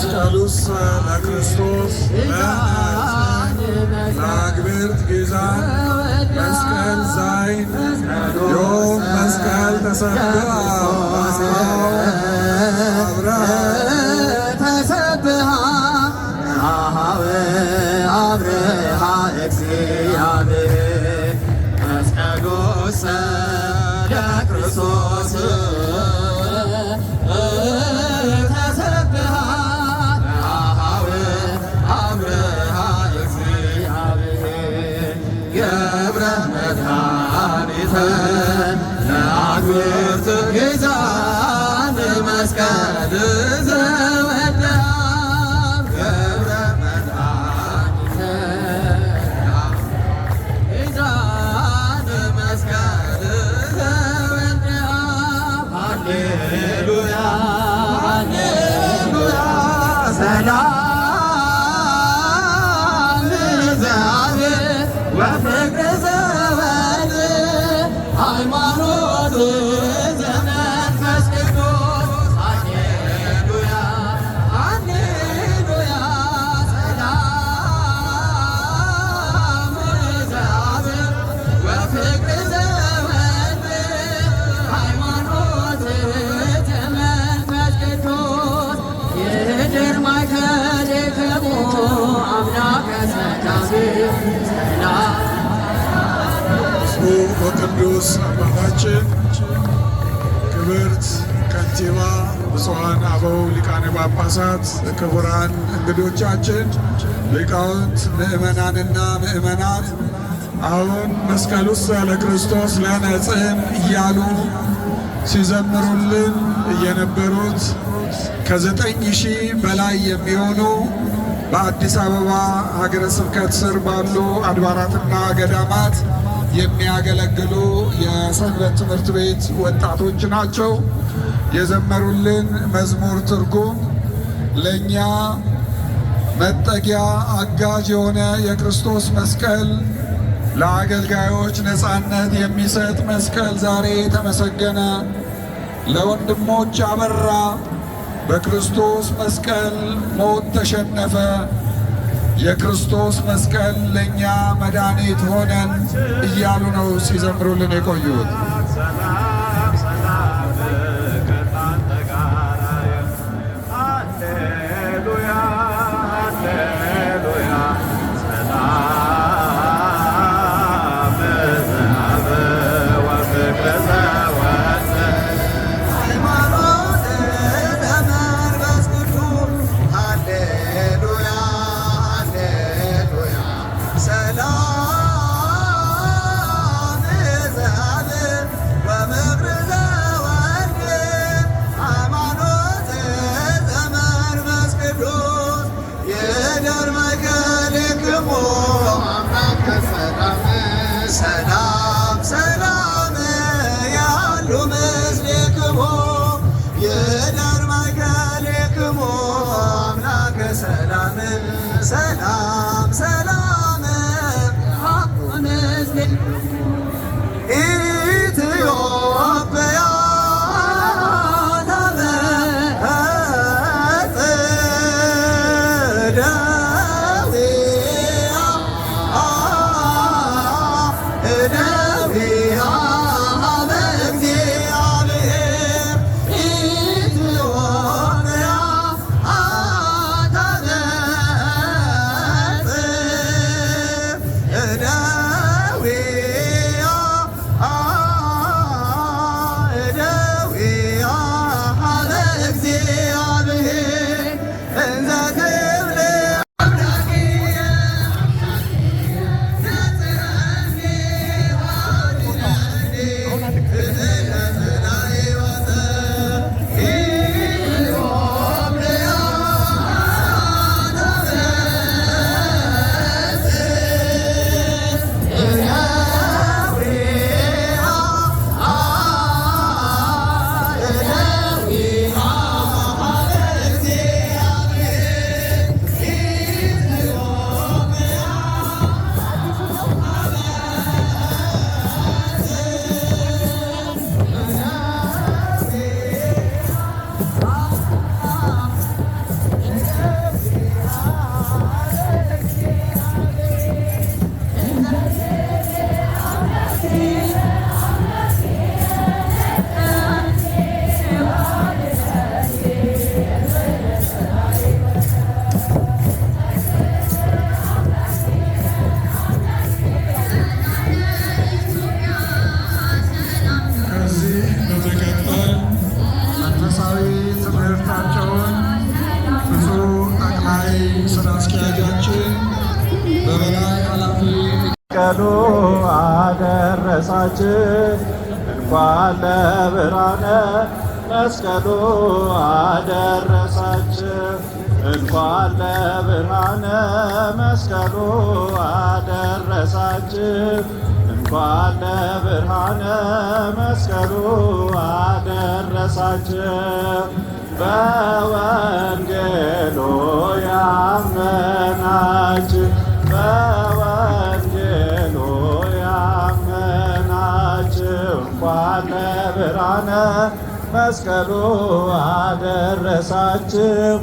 Salus Christus. ትምህርት ጌዛ መስቀል ዛይ ዮ መስቀል ተሰብራ አብራ አልፈን ለአክብርት ቤዛ ዘ ከንቲባ፣ ብፁዓን አበው ሊቃነ ጳጳሳት፣ ክቡራን እንግዶቻችን፣ ሊቃውንት፣ ምእመናንና ምእመናት አሁን መስቀሉ ውስጥ ለክርስቶስ ለነጽሕም እያሉ ሲዘምሩልን እየነበሩት ከዘጠኝ ሺህ በላይ የሚሆኑ በአዲስ አበባ ሀገረ ስብከት ስር ባሉ አድባራትና ገዳማት የሚያገለግሉ የሰንበት ትምህርት ቤት ወጣቶች ናቸው። የዘመሩልን መዝሙር ትርጉም ለእኛ መጠጊያ አጋዥ የሆነ የክርስቶስ መስቀል ለአገልጋዮች ነፃነት የሚሰጥ መስቀል ዛሬ ተመሰገነ፣ ለወንድሞች አበራ፣ በክርስቶስ መስቀል ሞት ተሸነፈ የክርስቶስ መስቀል ለእኛ መድኃኒት ሆነን እያሉ ነው ሲዘምሩልን የቆዩት። لا በሉ አደረሳችን እንኳን ለብርሃነ መስቀሉ አደረሳችን እንኳን ለብርሃነ መስቀሉ አደረሳችን እንኳን ለብርሃነ መስቀሉ አደረሳችን በወንጌሉ ያመናች ብርሃነ ብርሃነ መስቀሉ አደረሳችሁ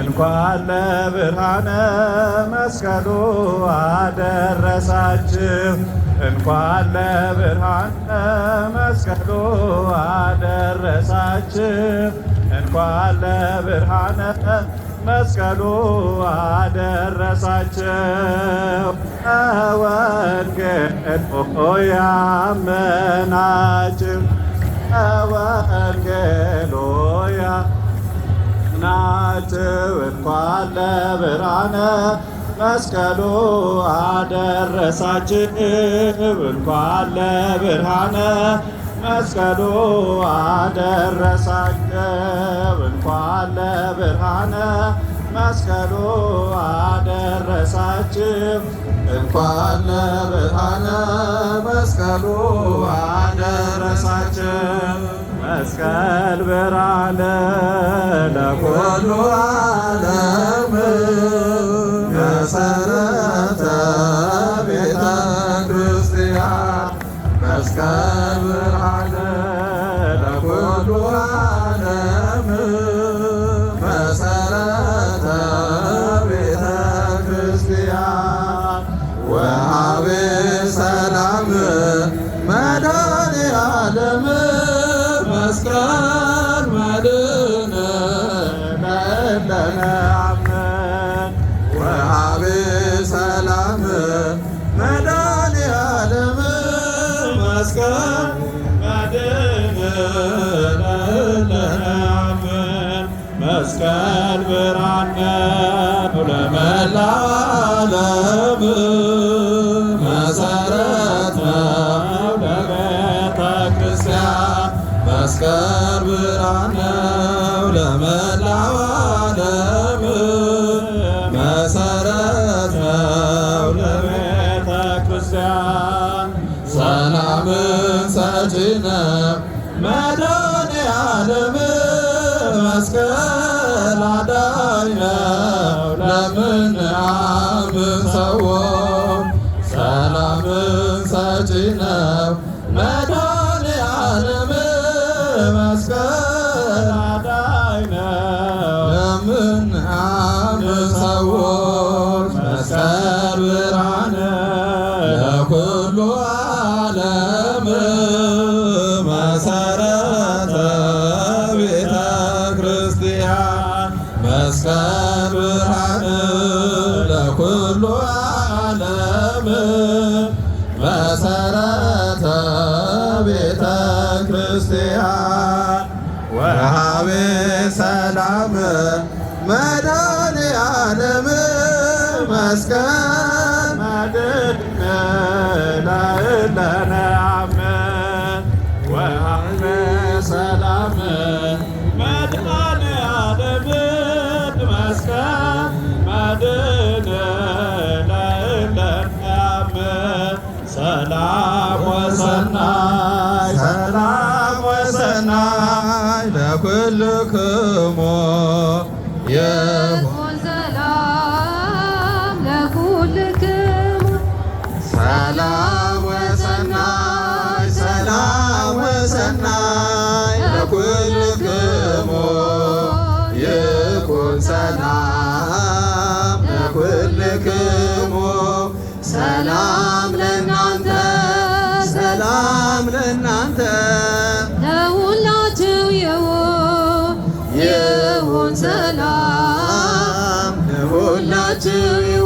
እንኳን ለብርሃነ መስቀሉ አደረሳችሁ እንኳን ለብርሃነ መስቀሉ አደረሳችሁ እንኳን ለብርሃነ መስቀሉ አደረሳችሁ ወርቅድፎ ያመናጭር ወርቅሎያ ናጭው እንኳን ለብርሃነ መስቀሉ አደረሳችሁ እንኳን ለብርሃነ መስቀሉ አደረሳችሁ እንኳን ለብርሃነ መስቀሉ አደረሳችሁ እንኳን ለብርሃነ መስቀሉ አደረሳችን። መስቀል ብርሃነ ለኩሉ ዓለም መሰረተ ቤተ ክርስቲያን መስቀል ብርሃነ ለኩሉ ዓለም መስቀል ብርሃን ነው ለመላው ዓለም መሰረት ነው ለቤተ ክርስቲያን መስቀል ብርሃን ነው ለመላው ዓለም መሰረት ነው ለቤተ ክርስቲያን ሰላምን ሰጪ ነው ምንሳችን ነው ረሃብ ሰላም መዳን ያለም መስቀል መድን ላእለነ አመ ወአመ ሰላም መዳን ያለም መስቀል መድን ላእለነ አመ ሰላም ወሰን ሰናይ ለኩልክሞ የሆን ሰላም ለኩልክሞ ሰላም ወሰናይ ሰላም ወሰናይ ለኩልክሞ የሆን ሰላም ለኩልክሞ ሰላም ሰላም ለሁላችሁ